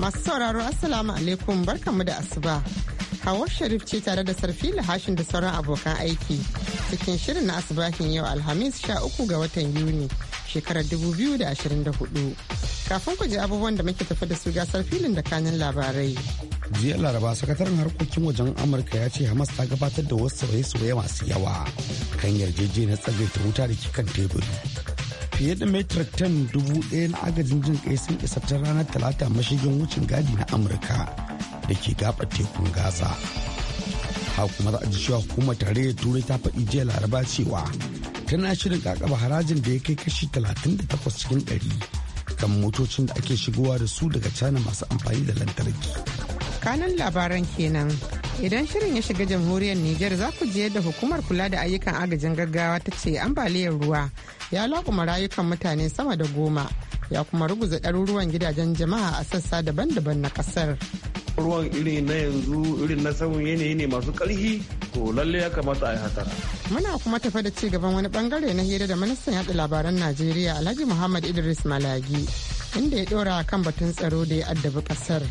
Masu sauraro Assalamu alaikum barkanmu da asuba. Hawar Sharif ce tare da Sarfi Lahashin da sauran abokan aiki cikin shirin na asibahin yau Alhamis sha uku ga watan Yuni shekarar dubu biyu da da ashirin hudu Kafin ku ji abubuwan da muke tafi da su gasar filin da kanin labarai. jiya laraba sakataren harkokin wajen amurka ya ce hamas ta gabatar da wasu sauraye masu yawa kan yarjejeniyar tsagaita wuta da kikan tebur. fiye da metric 10,000 dubu ɗaya na agajin jin kai sun isa ta ranar talata mashigin wucin gadi na amurka da ke gabar tekun gaza ha kuma za a ji cewa hukumar tarayyar turai ta faɗi jiya laraba cewa tana shirin kakaba harajin da ya kai kashi 38 cikin 100 kan motocin da ake shigowa da su daga cana masu amfani da lantarki kanan labaran kenan Idan shirin ya shiga jamhuriyar Nijar za ku je da hukumar kula da ayyukan agajin gaggawa ta ce ambaliyar ruwa ya laƙuma rayukan mutane sama da goma ya kuma ruguza ɗaruruwan gidajen jama'a a sassa daban-daban na ƙasar. ruwan iri na yanzu irin na samun yanayi ne masu ƙarfi to lalle ya kamata a yi hatara. Muna kuma tafa da ci gaban wani bangare na hira da ministan yaɗa labaran Najeriya Alhaji Muhammad Idris Malagi inda ya ɗora kan batun tsaro da ya addabi ƙasar.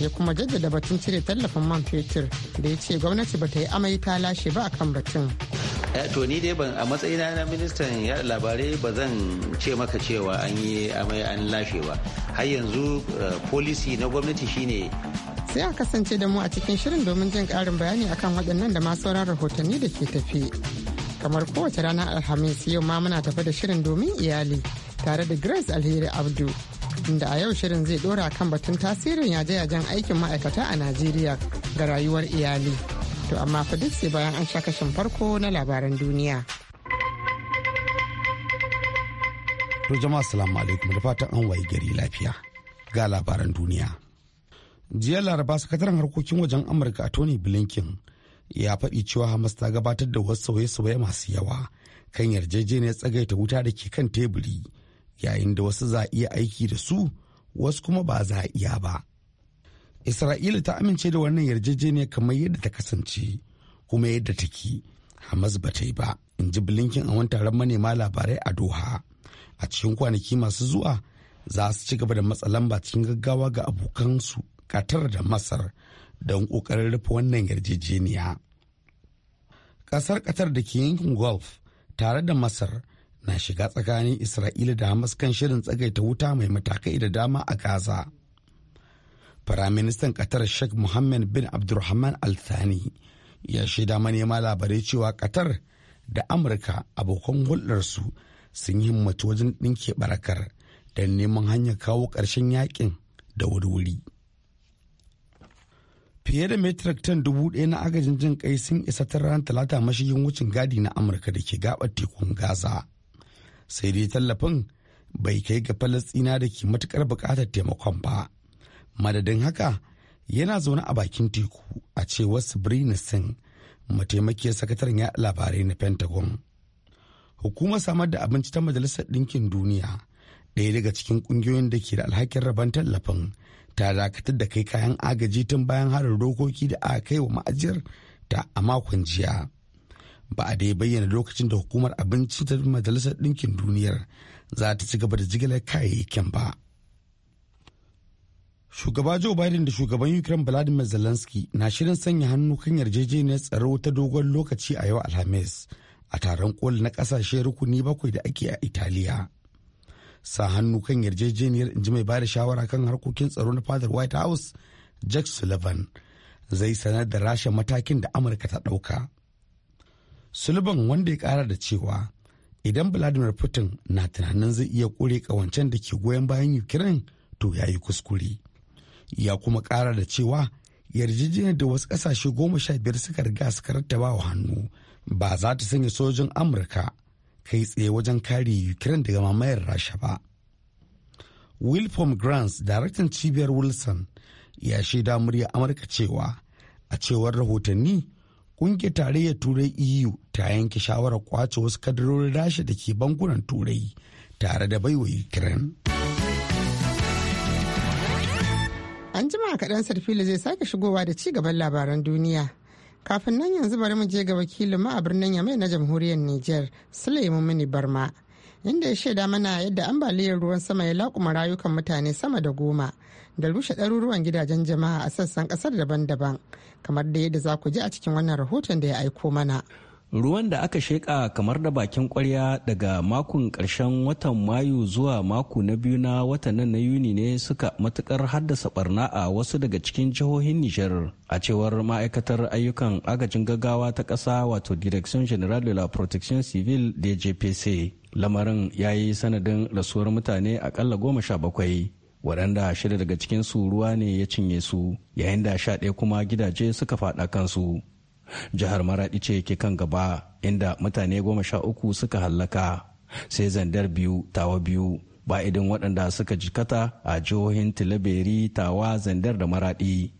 ya kuma jaddada batun cire tallafin man fetur da ya ce gwamnati ba ta yi amai ta lashe ba akan batun. Eh, to ni dai ban a matsayina na ministan yada labarai ba zan ce maka cewa an yi amai an lashe ba har yanzu eh, policy na gwamnati shine sai a kasance da mu a cikin shirin domin jin karin bayani akan waɗannan da ma sauran rahotanni da ke tafi kamar kowace rana alhamis yau ma muna tafi da shirin domin iyali tare da grace alheri abdu inda a yau shirin zai dora kan batun tasirin yaje-yajen aikin ma'aikata a Najeriya ga rayuwar iyali. To amma fa duk sai bayan an sha kashin farko na labaran duniya. To jama'a salamu alaikum da fatan an waye gari lafiya ga labaran duniya. Jiya Laraba sakataren harkokin wajen Amurka a Tony Blinken ya faɗi cewa Hamas ta gabatar da wasu sauye-sauye masu yawa kan yarjejeniyar tsagaita wuta da ke kan teburi yayin da wasu za iya aiki da su wasu kuma ba za iya ba isra'ila ta amince da wannan yarjejeniya kamar yadda ta kasance kuma yadda take hamas ba ta yi ba in ji bilinkin a wani taron manema labarai a doha a cikin kwanaki masu zuwa za su ci gaba da matsa lamba cikin gaggawa ga abokansu katar da masar don kokarin rufe wannan yarjejeniya kasar katar da ke yankin gulf tare da masar na shiga tsakanin isra'ila da hamas kan shirin tsagaita wuta mai matakai da dama a gaza firaministan qatar sheikh mohammed bin abdulrahman al-thani ya shaida manema labarai cewa qatar da amurka abokan hulɗarsu sun yi himmatu wajen ɗinke barakar don neman hanyar kawo ƙarshen yakin da wuri-wuri fiye da metric ton dubu ɗaya na agajin jin kai sun isa ta ranar talata mashigin wucin gadi na amurka da ke gabar tekun gaza sai dai tallafin bai kai ga falastina da ke matukar bukatar taimakon ba madadin haka yana zaune a bakin teku a cewar sabrina singh mataimakiyar sakataren ya labarai na pentagon hukumar samar da abinci ta majalisar ɗinkin duniya ɗaya daga cikin ƙungiyoyin da ke da alhakin rabon tallafin ta dakatar da kai kayan agaji tun bayan harin dokoki da aka kai wa ma'ajiyar ta a makon jiya ba a dai bayyana lokacin da hukumar abinci ta majalisar ɗinkin duniyar za ta ci gaba da jigilar kayayyakin ba shugaba joe biden da shugaban ukraine vladimir zelensky na shirin sanya hannu kan yarjejeniyar tsaro ta dogon lokaci a yau alhamis a taron koli na kasashe rukuni bakwai da ake a italiya sa hannu kan yarjejeniyar inji mai bada shawara kan harkokin tsaro na fadar white house jack sullivan zai sanar da rasha matakin da amurka ta ɗauka sulban wanda ya kara da cewa idan vladimir putin na tunanin zai iya kure kawancen da ke goyon bayan ukraine to ya yi kuskure ya kuma kara da cewa yarjejeniyar da wasu kasashe goma sha biyar suka riga suka rattaba wa hannu ba za ta sanya sojin amurka kai tsaye wajen kare ukraine daga mamayar rasha ba wilfom grants daraktan cibiyar wilson ya shaida murya amurka cewa a cewar rahotanni kungiyar tarayyar turai eu ta yanke shawarar kwace wasu kadarorin rasha da ke bankunan turai tare da baiwa ukraine an jima kaɗan sarfili zai sake shigowa da ci gaban labaran duniya kafin nan yanzu bari mu je ga wakilin ma a birnin yamai na jamhuriyar niger suleiman mini barma inda ya shaida mana yadda ambaliyar ruwan sama ya laƙuma rayukan mutane sama da goma da rushe ɗaruruwan gidajen jama'a a sassan ƙasar daban-daban kamar da yadda za ku ji a cikin wannan rahoton da ya aiko mana. ruwan da aka sheƙa kamar da bakin kwarya daga makon ƙarshen watan mayu zuwa mako na biyu na watan nan na yuni ne suka matukar haddasa barna a wasu daga cikin jihohin nijar a cewar ma'aikatar ayyukan agajin gaggawa ta ƙasa wato direction general de la protection civil djpc lamarin ya yi sanadin rasuwar mutane akalla goma sha bakwai waɗanda shida daga cikinsu ruwa ne ya cinye su yayin da sha ɗaya kuma gidaje suka faɗa kansu jihar maraɗi ce ke kan gaba inda mutane goma sha uku suka hallaka sai zandar biyu tawa biyu ba idan waɗanda suka jikata a jihohin tilaberi tawa zandar da maraɗi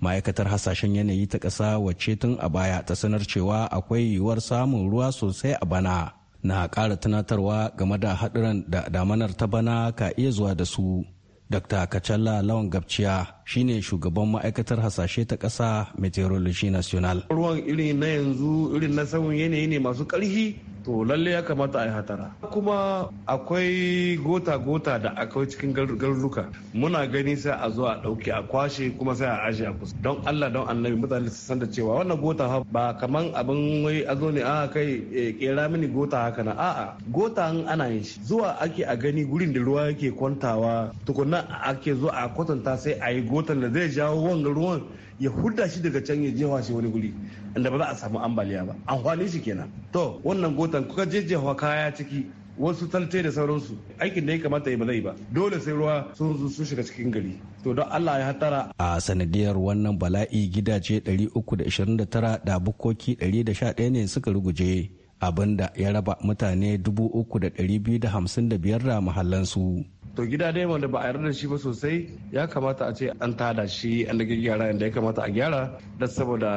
ma'aikatar hasashen yanayi ta ƙasa wacce tun a baya ta sanar cewa akwai yiwuwar samun ruwa sosai a bana na ƙara tunatarwa game da haɗuran da damanar ta bana ka iya zuwa da su Dr. Kacalla Lawan Gabciya shine shugaban ma'aikatar hasashe ta ƙasa Meteorology National. Ruwan irin na yanzu irin na sauyin yanayi ne masu ƙarfi to lalle ya kamata a yi hatara kuma akwai gota-gota da akwai cikin garuruka muna gani sai a zo a dauke a kwashe kuma sai a ashe a kusa don allah don annabi mutane su san da cewa wannan gota ba kaman abin wai a zo ne a kai kera eh, mini gota haka na a'a gota an ana yin shi zuwa ake a gani gurin da ruwa yake kwantawa tukunna ake zo a kwatanta sai a yi gotan da zai jawo wanga ruwan ya hudda shi daga can ya jefa shi wani guri da ba za a samu ambaliya ba amfanin shi kenan to wannan gotan kuka jejjewa kaya ciki wasu talte da sauransu aikin da ya kamata ya ba ba dole sai ruwa sun zo sun shiga cikin gari to don Allah ya hatara a sanadiyar wannan bala'i gidaje 329 da bukoki 111 ne suka ruguje abinda ya raba mutane 3,255 da mahallansu. to gida dai wanda ba a yarda da shi ba sosai ya kamata a ce an tada shi an da gyara inda ya kamata a gyara da saboda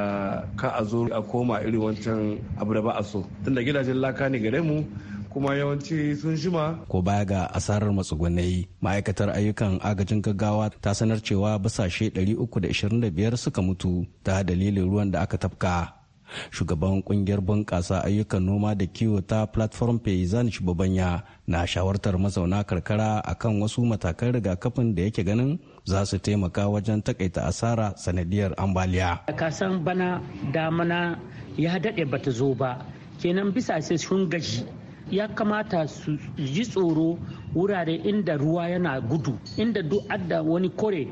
ka a zo a koma irin wancan abu da ba a so tunda gidajen laka ne gare mu kuma yawanci sun shima. Ko baya ga asarar matsugunai, ma'aikatar ayyukan agajin gaggawa ta sanar cewa basashe 325 suka mutu ta dalilin ruwan da aka tafka. shugaban kungiyar bunƙasa ayyukan noma da kiwo ta platform paysan shubabanya na shawartar mazauna karkara akan wasu matakan rigakafin da yake ganin za su taimaka wajen takaita asara sanadiyar ambaliya. kasan bana damana ya daɗe bata zo ba kenan bisa sai sun gashi ya kamata su ji tsoro wurare inda ruwa yana gudu inda duk adda wani kore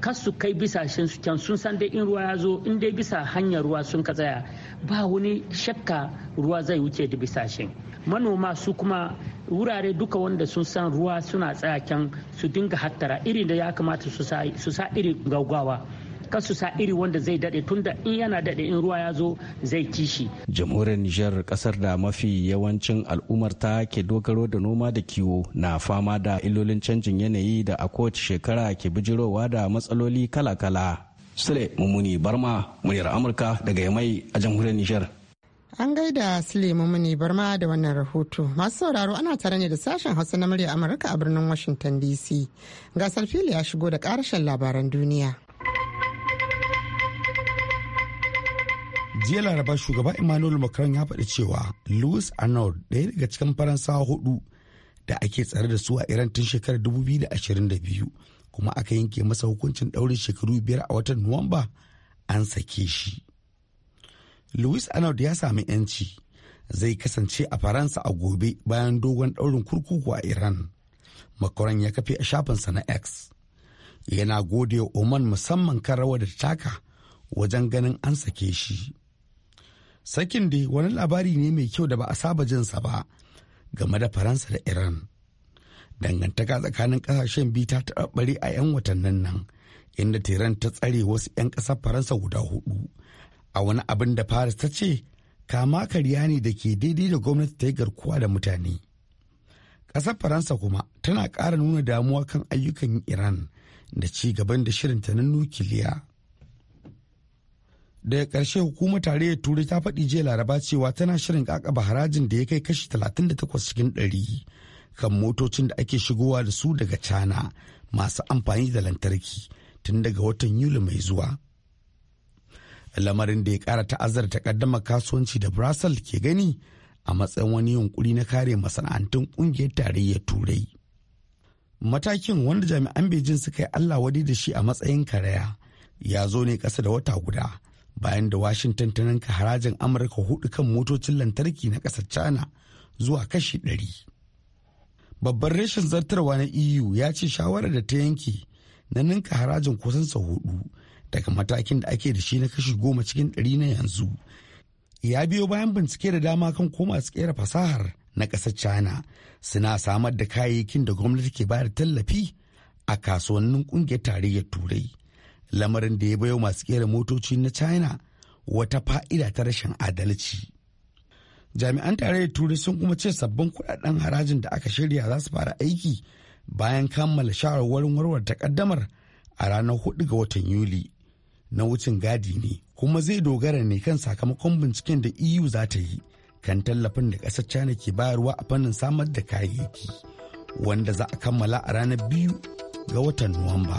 kas su kai bisashen su can sun san dai in ruwa ya zo in dai bisa hanyar ruwa sun ka tsaya ba wani shakka ruwa zai wuce da bisashen manoma su kuma wurare duka wanda sun san ruwa suna tsaya can su dinga hattara irin da ya kamata su sa iri gaugawa kasu sa iri wanda zai daɗe tunda in yana daɗe in ruwa ya zo zai kishi. jamhuriyar nijar kasar da mafi yawancin al'ummar ta ke dogaro da noma da kiwo na fama da illolin canjin yanayi da a kowace shekara ke bijirowa da matsaloli kala-kala sule mummuni barma muryar amurka daga yamai a jamhuriyar nijar An gaida Sule mummuni Barma da wannan rahoto. Masu sauraro ana tare ne da sashen Hausa na murya Amurka a birnin Washington DC. Gasar fili ya shigo da karashen labaran duniya. jiya laraba shugaba emmanuel macron ya faɗi cewa louis arnold ɗaya daga cikin faransawa hudu da ake tsare da su a iran tun shekarar 2022 kuma aka yanke masa hukuncin ɗaurin shekaru biyar a watan nuwamba an sake shi louis arnold ya sami yanci zai kasance a faransa a gobe bayan dogon ɗaurin kurkuku a iran macron ya kafe a shafinsa na x yana gode oman musamman kan rawar da taka wajen ganin an sake shi Sakin da wani labari ne mai kyau da ba a saba jinsa ba game da Faransa da Iran. Dangantaka tsakanin ƙasashen biyu ta taɓarɓare a 'yan watannin nan, inda Tehran ta tsare wasu 'yan ƙasar Faransa guda hudu. A wani abin da Paris ta ce, kama karya ne da ke daidai da gwamnati ta yi garkuwa da mutane. Ƙasar Faransa kuma tana ƙara nuna damuwa kan ayyukan Iran da ci gaban da shirinta na nukiliya. daga ƙarshe hukumar tarayyar turai ta faɗi jiya laraba cewa tana shirin ƙaƙaba harajin da ya kai kashi 38 cikin 100 kan motocin da ake shigowa da su daga cana masu amfani da lantarki tun daga watan yuli mai zuwa lamarin da ya ƙara ta'azzara takaddamar kasuwanci da brussels ke gani a matsayin wani yunkuri na kare masana'antun ƙungiyar tarayyar turai matakin wanda jami'an beijing suka yi allah wadi da shi a matsayin karaya ya zo ne ƙasa da wata guda bayan da washington ta ninka harajin amurka hudu kan motocin lantarki na ƙasar china zuwa kashi ɗari. babban reshen zartarwa na eu ya ce shawarar da ta yanke na ninka harajin kusan sau hudu daga matakin da ake da shi na kashi goma cikin ɗari na yanzu ya biyo bayan bincike da dama kan ko masu kera fasahar na ƙasar china suna samar da kayayyakin da gwamnati ke bayar tallafi a kasuwannin ƙungiyar tarayyar turai lamarin da ya bayo masu kera motoci na china wata fa'ida ta rashin adalci jami'an tarayyar turai sun kuma ce sabbin kudaden harajin da aka shirya za su fara aiki bayan kammala shawarwarin warware takaddamar a ranar 4 ga watan yuli na wucin gadi ne kuma zai dogara ne kan sakamakon binciken da eu za ta yi kan tallafin da ƙasar china ke bayarwa a fannin samar da kayayyaki wanda za a kammala a ranar 2 ga watan nuwamba.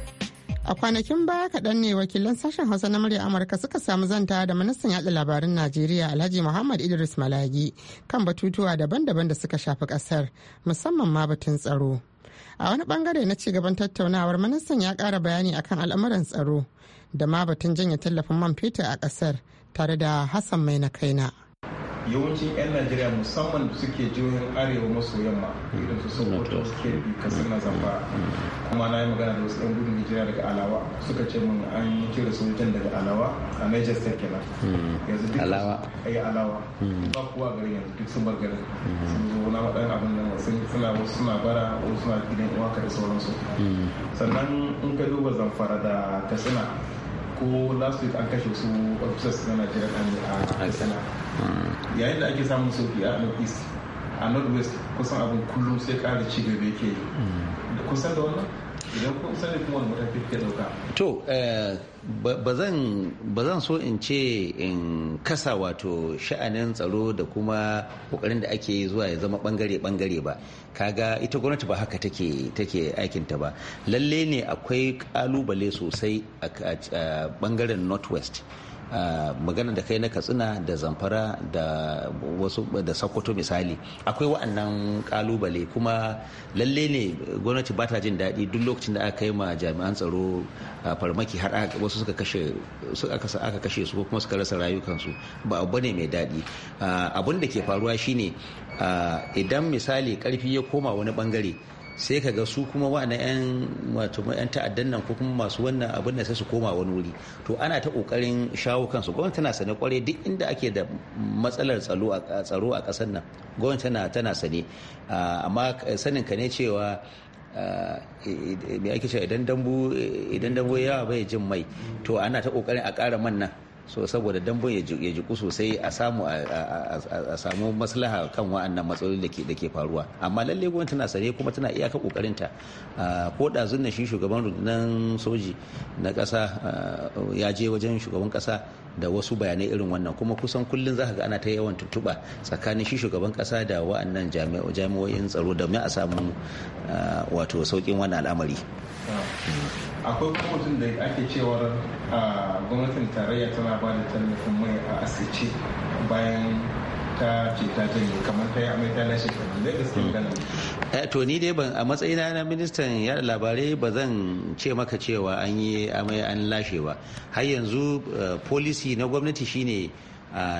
a kwanakin baya kaɗan ne wakilan sashen hausa na murya amurka suka samu zanta da ministan yaɗa labarin najeriya alhaji muhammad idris malagi kan batutuwa daban-daban da suka shafi ƙasar musamman ma batun tsaro a wani bangare na cigaban tattaunawar ministan ya ƙara bayani akan al'amuran tsaro da ma batun janye tallafin man fetur a ƙasar tare da hassan mai na kaina. yawancin 'yan najeriya musamman da suke jihohin arewa maso yamma irin su sokoto suke bi kasar na zamfara kuma na yi magana da wasu 'yan gudun hijira daga alawa suka ce mun an yi kira sojan daga alawa a major state kenan hmm. yanzu duk alawa ai eh, alawa hmm. ba kuwa garin yanzu duk sun bar garin hmm. sun zo na waɗannan abin nan sun suna wasu suna bara wasu suna gidan uwa da sauransu sannan in ka duba zamfara da katsina ko last week an kashe su officers na Nigerian kan a ah, Katsina yayin da ake samun sofi a North East a North West kusan abin kullum sai ƙara ci gaba yake hmm. kusan da wannan idan kun sani kuma ke dauka to eh, ba zan so in ce in kasa wato sha'anin tsaro da kuma kokarin da ake zuwa ya zama bangare bangare ba kaga ita gwamnati ba haka take take aikinta ba lalle ne akwai kalubale sosai a bangaren northwest west magana da kai na katsina da zamfara da wasu misali akwai wa'annan kalubale kuma lalle ne gwamnati ba ta jin daɗi duk lokacin da aka kai ma jami'an tsaro farmaki har wasu suka kashe aka kashe su ko kuma suka rasa rayukansu ba abu ne mai daɗi abun da ke faruwa shine idan misali karfi ya koma wani bangare sai ka ga su kuma wa'ana 'yan wato 'yan ta'addan nan ko kuma masu wannan abin da sai su koma wani wuri to ana ta kokarin shawo kansu gwamnati tana sane kwarai duk inda ake da matsalar tsaro a tsaro kasar nan gwamnati tana tana sane amma sanin ka ne cewa me ake cewa idan dambu idan dambu yawa bai jin mai to ana ta kokarin a ƙara man nan so saboda dambo ya jiku sosai a samu a samu maslaha kan wa'annan matsaloli da ke faruwa amma lalle gwamnati tana sare kuma tana iyaka ta ko da zunna shi shugaban rundunar soji na ƙasa ya je wajen shugaban ƙasa da wasu bayanai irin wannan kuma kusan kullum za ga ana ta yawan tuntuba tsakanin shi shugaban ƙasa da wa'annan jami'o'in tsaro da a samu wato sauƙin wannan al'amari akwai kuma mutum da ake cewar gwamnatin tarayya tana ba da tallafin mai a asirce bayan ta ce ta janye kamar ta yi ta na shekaru da gaske hmm. eh, to ni dai ban a matsayina na ministan yada labarai ba zan ce maka cewa an yi amai an lashe ba har yanzu eh, policy na gwamnati shine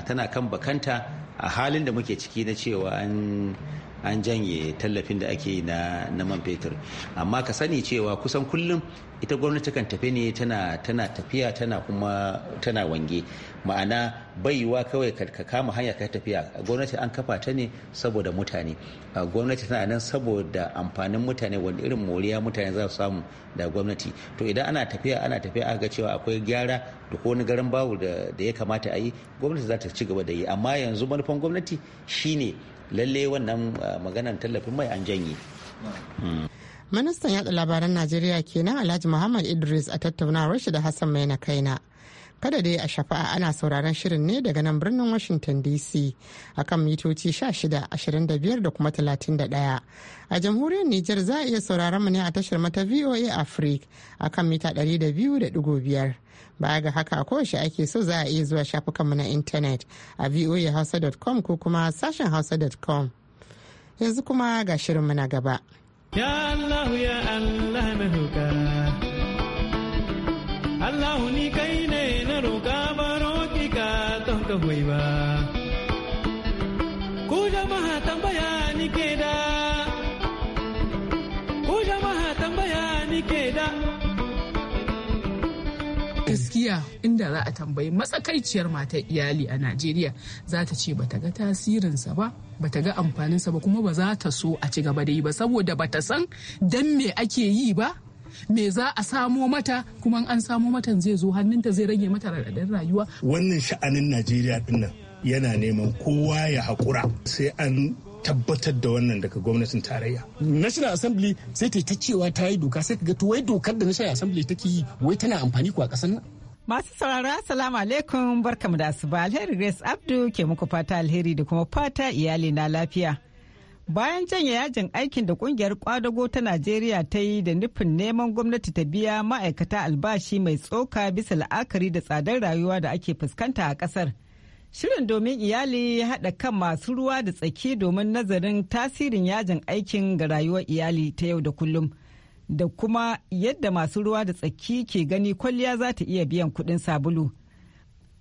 tana kan bakanta a halin da muke ciki na cewa an an janye tallafin da ake na na man fetur amma ka sani cewa kusan kullum ita gwamnati kan tafi ne tana tana tafiya tana kuma tana wange ma'ana baiwa kawai ka kama hanya ka tafiya gwamnati an kafa ta ne saboda mutane gwamnati tana nan saboda amfanin mutane wani irin moriya mutane za su samu da gwamnati to idan ana tafiya ana tafiya aka ga cewa akwai gyara da ko wani garin bawu da ya kamata a yi gwamnati za ta ci gaba da yi amma yanzu manufan gwamnati shine lalle wannan uh, maganan tallafin mai an janye ministan yada labaran najeriya kenan alhaji muhammad idris a tattaunawar shi da hassan mai na kaina kada dai a shafa'a ana sauraron shirin ne daga nan birnin washington dc kan mitoci 16 25 da kuma 31 a jamhuriyar niger za a iya sauraron mu ne a tashar mata voa africa kan mita 200.5 baya ga haka a kowace ake so za a iya zuwa shafukanmu na intanet a voahausa.com ko kuma sashen hausa.com yanzu kuma ga shirinmu na gaba ya allah ya allah na Allah ni kai ne na roƙa baro ki ka ton ka ba. Ku jama'a tambaya ni ke da, ku jama'a tambaya ni ke da. Gaskiya inda za a tambayi matsakaiciyar matar iyali a Najeriya za ta ce bata ga tasirinsa ba, bata ga amfaninsa ba kuma ba za ta so a ci gaba da yi ba saboda bata san dan me ake yi ba. me za a samo mata kuma an samo mata zai zo hannunta zai rage mata raɗaɗin rayuwa wannan sha'anin najeriya ɗinnan yana neman kowa ya haƙura sai an tabbatar da wannan daga gwamnatin tarayya. National Assembly sai ta ta cewa ta yi doka sai ka ga wai dokar da National Assembly take yi wai tana amfani ko a ƙasar nan. Masu saurara salamu alaikum barkamu da asuba alheri Grace Abdu ke muku fata alheri da kuma fata iyali na lafiya. bayan janye yajin aikin da kungiyar kwadago ta najeriya ta yi da nufin neman gwamnati ta biya ma'aikata albashi mai tsoka bisa la'akari da tsadar rayuwa da ake fuskanta a kasar shirin domin iyali ya haɗa kan masu ruwa da tsaki domin nazarin tasirin yajin aikin ga rayuwar iyali ta yau da kullum da kuma yadda masu ruwa da tsaki ke gani kwalliya za ta iya biyan kuɗin sabulu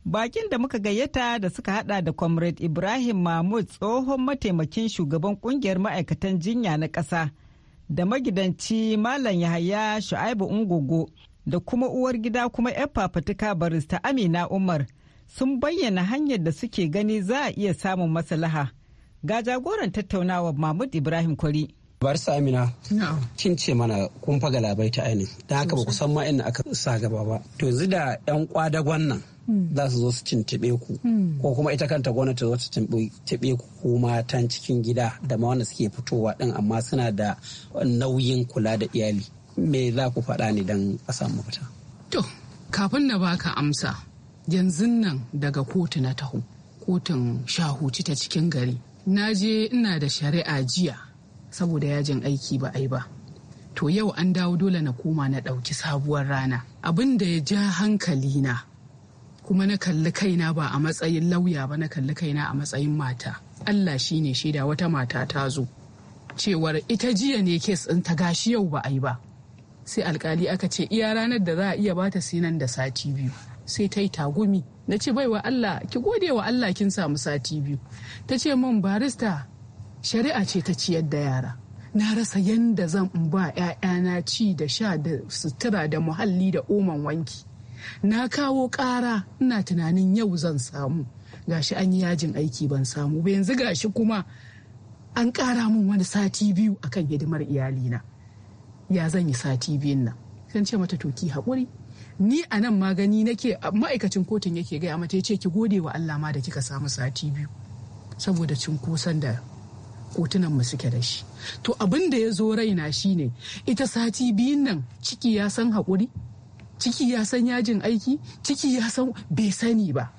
Bakin da muka gayyata da suka hada da Comrade Ibrahim Mahmud tsohon mataimakin shugaban kungiyar ma'aikatan jinya na ƙasa da magidanci Malam Yahaya Shu'aibu Ungogo da kuma uwar gida kuma 'yan fafutuka barista Amina Umar sun bayyana hanyar da suke gani za a iya samun maslaha. Ga jagoran tattaunawa Mahmud Ibrahim Kwari. bar samina Kin ce mana kun faga labai ta aini. da haka ba ku san ma aka sa gaba ba. To yanzu da yan kwadagon nan hmm. za su zo su cintibe ku hmm. ko kuma ita kanta gwamnati zo ta cintibe ku ko matan cikin gida da ma wanda suke fitowa din amma suna da nauyin kula da iyali. Me za ku faɗa ne don a samu fita? To, kafin na baka amsa yanzu nan daga kotu na taho kotun shahuci ta cikin gari na je ina da shari'a jiya saboda yajin aiki ba ai ba to yau an dawo dole na koma na ɗauki sabuwar rana abin da ya ja hankali na kuma na kalli kaina ba a matsayin lauya ba na kalli kaina a matsayin mata allah shine shaida wata mata ta zo cewar ita jiya ne kes in ta gashi yau ba a yi ba sai alkali aka ce iya ranar da za a iya bata sinan da sati biyu sai ta yi tagumi na ce baiwa Allah ki gode wa Allah kin samu sati biyu ta ce min barista shari'a ce ta ciyar da yara na rasa yadda zan ba 'ya'yana ci da sha da sutura da muhalli da oman wanki na kawo ƙara ina tunanin yau zan samu gashi an yi yajin aiki ban samu ba yanzu gashi kuma an ƙara min wani sati biyu akan hidimar iyalina ya zan yi sati biyun nan sun ce mata toki haƙuri ni a nan magani nake ma'aikacin kotun yake gaya mata ya ce ki gode wa Allah ma da kika samu sati biyu saboda cunkoson da kotunan mu suke da shi to abin da ya zo raina shine ita sati biyun nan ciki ya san haƙuri ciki ya san yajin aiki ciki ya san bai sani ba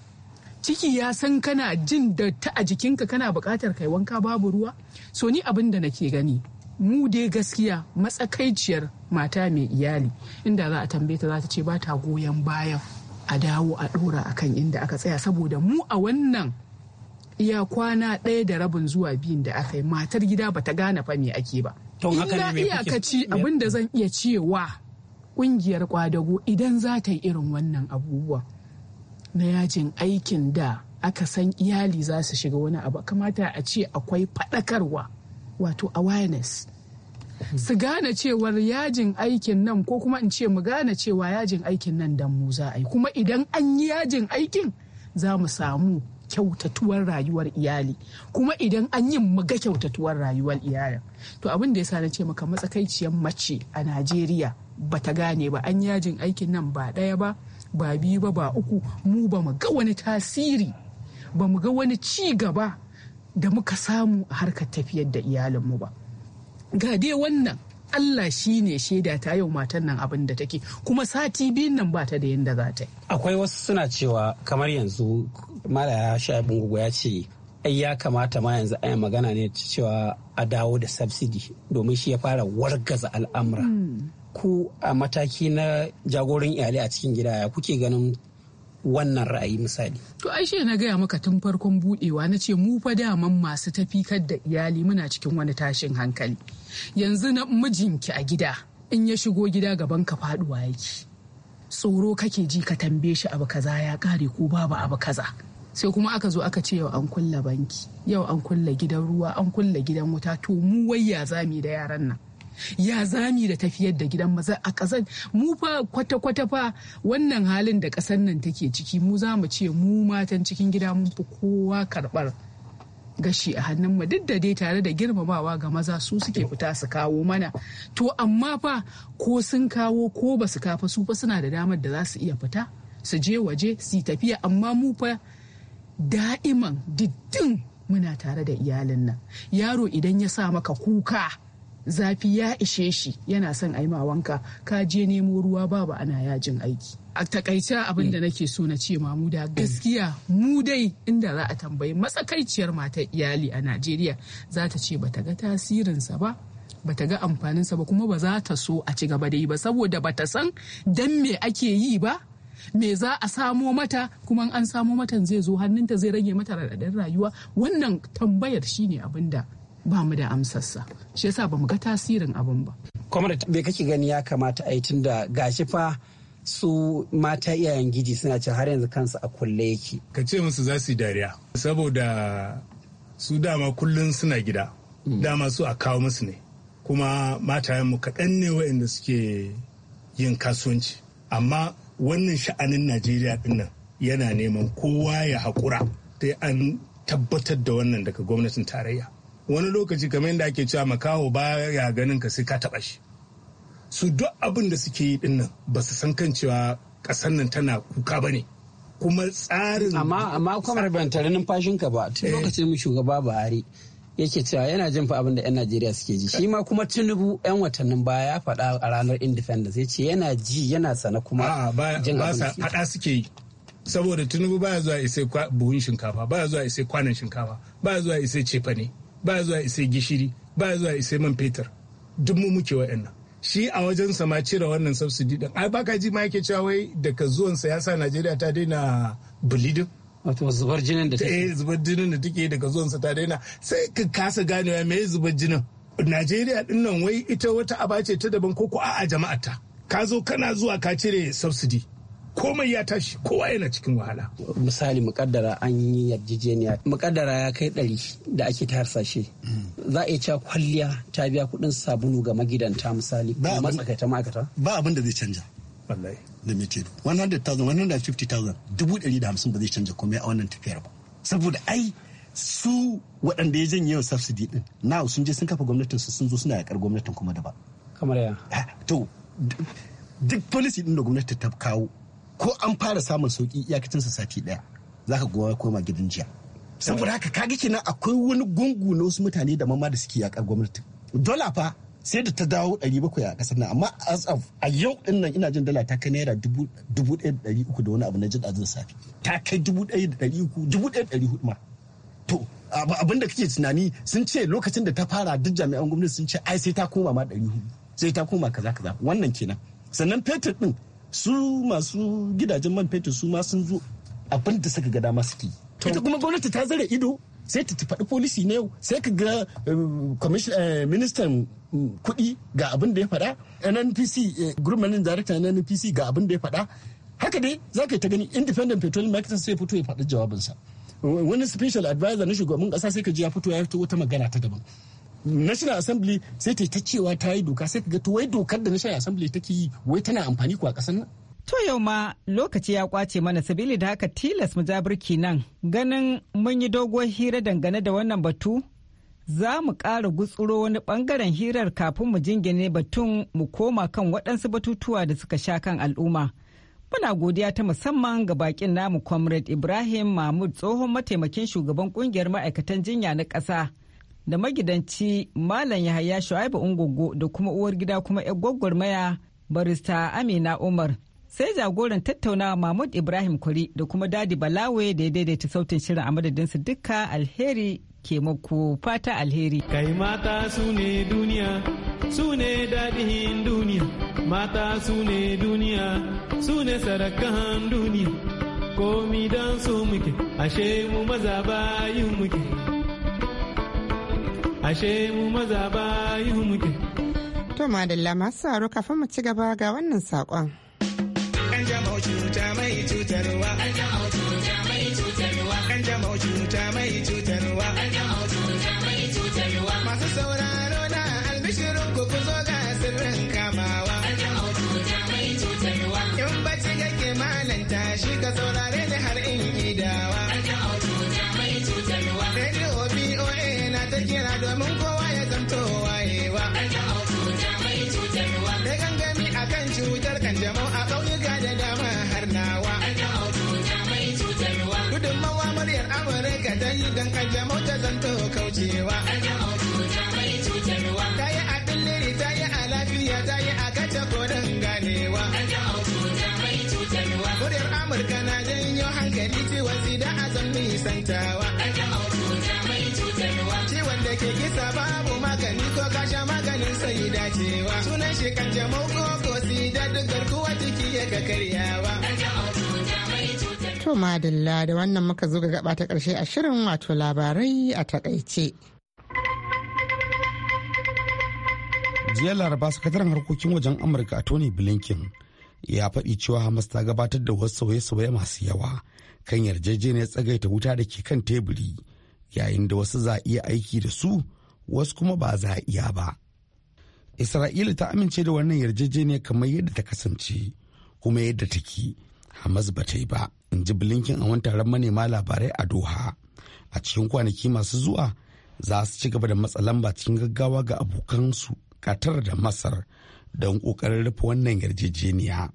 ciki ya san kana jin da ta a jikinka kana buƙatar kai wanka babu ruwa so ni abin da nake gani mu dai gaskiya matsakaiciyar mata mai iyali inda za a tambaye ta za ta ce ba ta goyon bayan a dawo a ɗora akan inda aka tsaya saboda mu a wannan iya kwana ɗaya da rabin zuwa biyun da aka yi matar gida ba ta gane fa me ake ba ina iyakaci abin da zan iya cewa ƙungiyar kwadago idan za ta yi irin wannan abubuwa na yajin aikin da aka san iyali za su shiga wani abu kamata a ce akwai faɗakarwa wato awareness su gane cewar yajin aikin nan ko kuma in ce mu gane cewa yajin aikin nan da mu za a yi kuma idan an yi yajin aikin za mu samu kyautatuwar rayuwar iyali kuma idan an yi muga kyautatuwar rayuwar iyali to abin da ya sa na ce maka matsakaiciyar mace a najeriya ba ta gane ba an yajin aikin nan ba ɗaya ba ba biyu ba ba uku mu ba mu ga wani tasiri ba mu ga wani ci gaba da muka samu a harkar tafiyar da iyalinmu ba ga dai wannan Allah shi ne shaida ta yau matan nan abin da take kuma sati biyun nan ba ta da yadda za ta yi. Akwai wasu suna cewa kamar yanzu malaya sha'ibin gugu ya ce ai ya kamata ma yanzu a magana ne cewa a dawo da subsidy domin shi ya fara wargaza al'amura. Hmm. Ku a mataki na jagoran iyali a cikin gida ya kuke ganin wannan ra'ayi misali. To ai shi na gaya maka tun farkon budewa na ce mu fa daman masu tafikar da iyali muna cikin wani tashin hankali. Yanzu na mijinki a gida in ya shigo gida gaban ka faduwa yake. Tsoro kake ji ka tambaye shi abu kaza ya kare ko babu abu kaza. Sai kuma aka zo aka ce yau an kulla banki, yau an kulla gidan ruwa, an kulla gidan wuta to mu wayya za mu da yaran nan. ya zami da tafiyar da gidan maza a ƙasar mu fa kwata-kwata fa wannan halin da ƙasar nan take ciki mu za mu ce mu matan cikin gida mun fi kowa karɓar gashi a hannun mu duk da dai tare da girmamawa ga maza su suke fita su kawo mana to amma fa ko sun kawo ko ba su kafa su fa suna da damar da za su iya fita su je waje su tafiya amma mu fa da'iman diddin muna tare da iyalin nan yaro idan ya sa maka kuka zafi ya ishe shi yana son a yi ma wanka ka je nemo ruwa babu ana yajin aiki a takaice abin da mm. nake so na ce mu da gaskiya mu dai inda za a tambayi matsakaiciyar matar iyali a najeriya za ta ce bata ga tasirinsa ba bata ga amfaninsa ba kuma ba za ta so a ci gaba da yi ba saboda bata san dan me ake yi ba me za a samo mata kuma an samo mata zai zo hannunta zai rage mata raɗaɗin rayuwa wannan tambayar shine abinda. ba mu da amsarsa shi yasa ba mu ga tasirin abin ba kwamar me kake gani ya kamata a yi tun da gashi fa su mata iyayen giji suna ce har yanzu kansu a kulle yake ka ce musu za su yi dariya saboda su dama kullum suna gida hmm. dama su a kawo musu ne kuma matayen mu kaɗan ne waɗanda suke yin kasuwanci amma wannan sha'anin najeriya ɗin nan yana neman kowa ya haƙura sai an tabbatar da wannan daga gwamnatin tarayya wani lokaci kamar yadda ake cewa makaho ba ya ganin ka sai ka taba shi su duk abin da suke yi dinnan ba su san kan cewa kasar nan tana kuka ba ne kuma tsarin amma amma kuma ban tare ka ba tun eh. lokacin mu shugaba Buhari yake cewa yana jin fa abin da 'yan Najeriya suke ji shi ma kuma Tinubu 'yan watannin baya ya faɗa a ranar Independence ya yana ji yana sana kuma jin faɗa suke yi saboda Tinubu baya zuwa isai buhun shinkafa baya zuwa isai kwanan shinkafa baya zuwa isai cefane. ba zuwa isai gishiri ba zuwa isai man fetur duk mu muke wa'annan shi a wajen ma cire wannan subsidy din ai baka ji ma yake cewa wai daga zuwan sa Najeriya ta daina bulidin wato zubar jinin da take eh, zubar jinin da take daga zuwan sa ta daina sai ka kasa ganewa mai zubar jinin Najeriya din nan wai ita wata aba ce ta daban koko a'a jama'ata ka zo kana zuwa ka cire subsidy komai ya tashi kowa yana cikin wahala misali mukaddara an yi yarjejeniya mukaddara ya kai ɗari da ake ta harsashe za a iya cewa kwalliya ta biya kuɗin sabulu ga magidanta misali ba matsakaita ma'aikata ba abin da zai canja wallahi da me ce 100,000 150,000 dubu ɗari da hamsin ba zai canja komai a wannan tafiyar ba saboda ai su waɗanda ya janye wa subsidy din na sun je sun kafa gwamnatin su sun zo suna yakar gwamnatin kuma da ba kamar ya eh, to duk policy din da gwamnati ta kawo ko an fara samun sauki iyakacinsa sati daya za ka goma koma gidan jiya saboda haka kaga kenan akwai wani gungu na wasu mutane da mamma da suke yakar gwamnati dola fa sai da ta dawo 700 a kasar nan amma as of a yau din nan ina jin dala ta kai naira 1300 da wani abu na jin azin safi ta kai 1300 ma to abin da kake tunani sun ce lokacin da ta fara duk jami'an gwamnati sun ce ai sai ta koma ma 400 sai ta koma kaza kaza wannan kenan sannan fetur din su masu gidajen man fetur su ma sun zo abin da suka ga dama suke ita kuma gwamnati ta zare ido sai ta faɗi polisi ne sai ka ga eh, eh, ministan mm, kuɗi ga abin da ya faɗa nnpc eh, group managing director nnpc ga abin da ya faɗa haka dai za ka yi ta gani independent petroleum marketing sai fito ya faɗi jawabinsa wani special advisor na shugaban ƙasa sai ka ji ya fito ya fito wata magana ta daban national assembly sai ta cewa ta yi doka sai ka ga to wai dokar da national assembly take yi wai tana amfani kuwa a nan To yau ma lokaci ya kwace mana sabili da haka tilas mu jabirki nan ganin mun yi doguwar hira dangane da wannan batu za mu ƙara gutsuro wani bangaren hirar kafin mu jingine batun mu koma kan waɗansu batutuwa da suka sha kan al'umma. Muna godiya ta musamman ga bakin namu Comrade Ibrahim Mahmud tsohon mataimakin shugaban ƙungiyar ma'aikatan jinya na ƙasa da magidanci Malam Yahaya Shu'aibu Ungogo da kuma uwar gida kuma 'yar gwagwarmaya barista Amina Umar. Sai jagoran tattaunawa Mahmud Ibrahim kuri da kuma Dadi Balawe da ya daidaita sautin shirin a madadinsu duka alheri ke muku fata alheri. Kai mata su ne duniya, su ne dadihin duniya, mata su ne duniya, su ne sarakan duniya, komi don su muke, ashe mu maza bayin muke. ashe mu maza ba yi muke. To madalla masu saro kafin mu ci gaba ga wannan saƙon. An jama'u cuta mai cutarwa. An jama'u cuta mai cutarwa. An jama'u cuta mai cutarwa. An jama'u cuta mai cutarwa. Masu sauraro na albishirin ku ku zo ga sirrin kamawa. An jama'u cuta mai cutarwa. In bacci yake malanta shi ka saurara. kanjamau ta zanto kaucewa ta yi a billiri ta yi a lafiya ta yi a kace koren ganewa muryar amurka na janyo hankali ciwon sida a zan nisantawa ciwon da ke kisa babu magani ko kasha maganin sayidacewa. sunan shi kanjamau ko ko sida duk garkuwa jiki ya ga karyawa To madalla da wannan muka zo ga gaba ta karshe a shirin wato labarai a takaice. jiya laraba sakataren harkokin wajen amurka a tony blinken ya faɗi cewa hamas ta gabatar da wasu sauye-sauye masu yawa kan yarjejeniyar tsagaita wuta da ke kan teburi yayin da wasu za iya aiki da su wasu kuma ba za iya ba isra'ila ta amince da wannan yarjejeniyar kamar yadda ta kasance kuma yadda take hamas ba ta yi ba in ji bilinkin a wani taron manema labarai a doha a cikin kwanaki masu zuwa za su ci gaba da matsa lamba cikin gaggawa ga abokansu katar da masar don kokarin rufe wannan yarjejeniya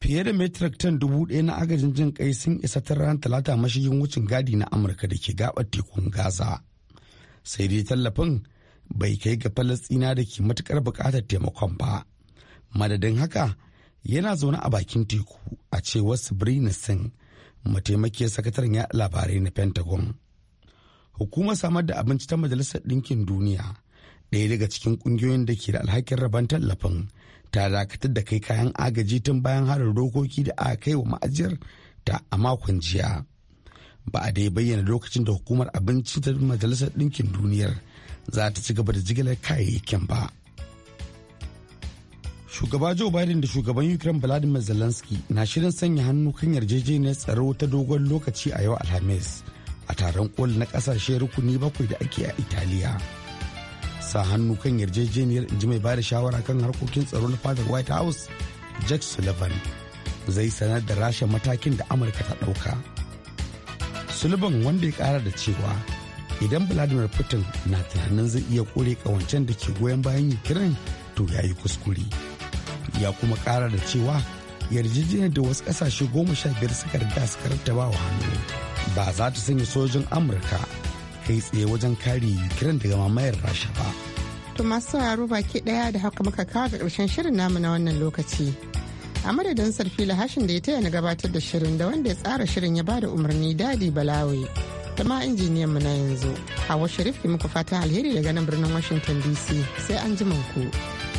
fiye da metric ton dubu ɗaya na agajin jin kai sun isa ta ranar talata mashigin wucin gadi na amurka da ke gabar tekun gaza sai dai tallafin bai kai ga falastina da ke matukar bukatar taimakon ba madadin haka yana zaune a bakin teku a cewar Sabrina Singh mataimakiyar sakataren ya labarai na Pentagon. Hukumar samar da abinci ta Majalisar Ɗinkin Duniya ɗaya daga cikin ƙungiyoyin da ke da alhakin rabon tallafin ta dakatar da kai kayan agaji tun bayan harin dokoki da aka kai wa ma'ajiyar ta a makon jiya. Ba a dai bayyana lokacin da hukumar abinci ta Majalisar Ɗinkin Duniyar za ta ci gaba da jigilar kayayyakin ba. shugaba joe biden da shugaban ukraine vladimir zelensky na shirin sanya hannu kan yarjejeniyar tsaro ta dogon lokaci a yau alhamis a taron kol na kasashe rukuni bakwai da ake a italiya sa hannu kan yarjejeniyar inji mai bada shawara kan harkokin tsaro na fadar white house jack sullivan zai sanar da rasha matakin da amurka ta dauka sullivan wanda ya kara da cewa idan vladimir putin na tunanin zai iya kore kawancen da ke goyon bayan ukraine to ya yi kuskure. ya kuma kara da cewa yarjejeniyar da wasu kasashe goma sha biyar suka riga suka rattaba wa hannu ba za ta sanya sojin amurka kai tsaye wajen kare ukraine daga mamayar rasha ba to masu sauraro baki daya da haka muka kawo ga karshen shirin namu na wannan lokaci a madadin sarfi lahashin da ya taya na gabatar da shirin da wanda ya tsara shirin ya bada umarni dadi balawe da ma injiniyan mu na yanzu hawa sharif ki muku fatan alheri daga nan birnin washington dc sai an ji ku.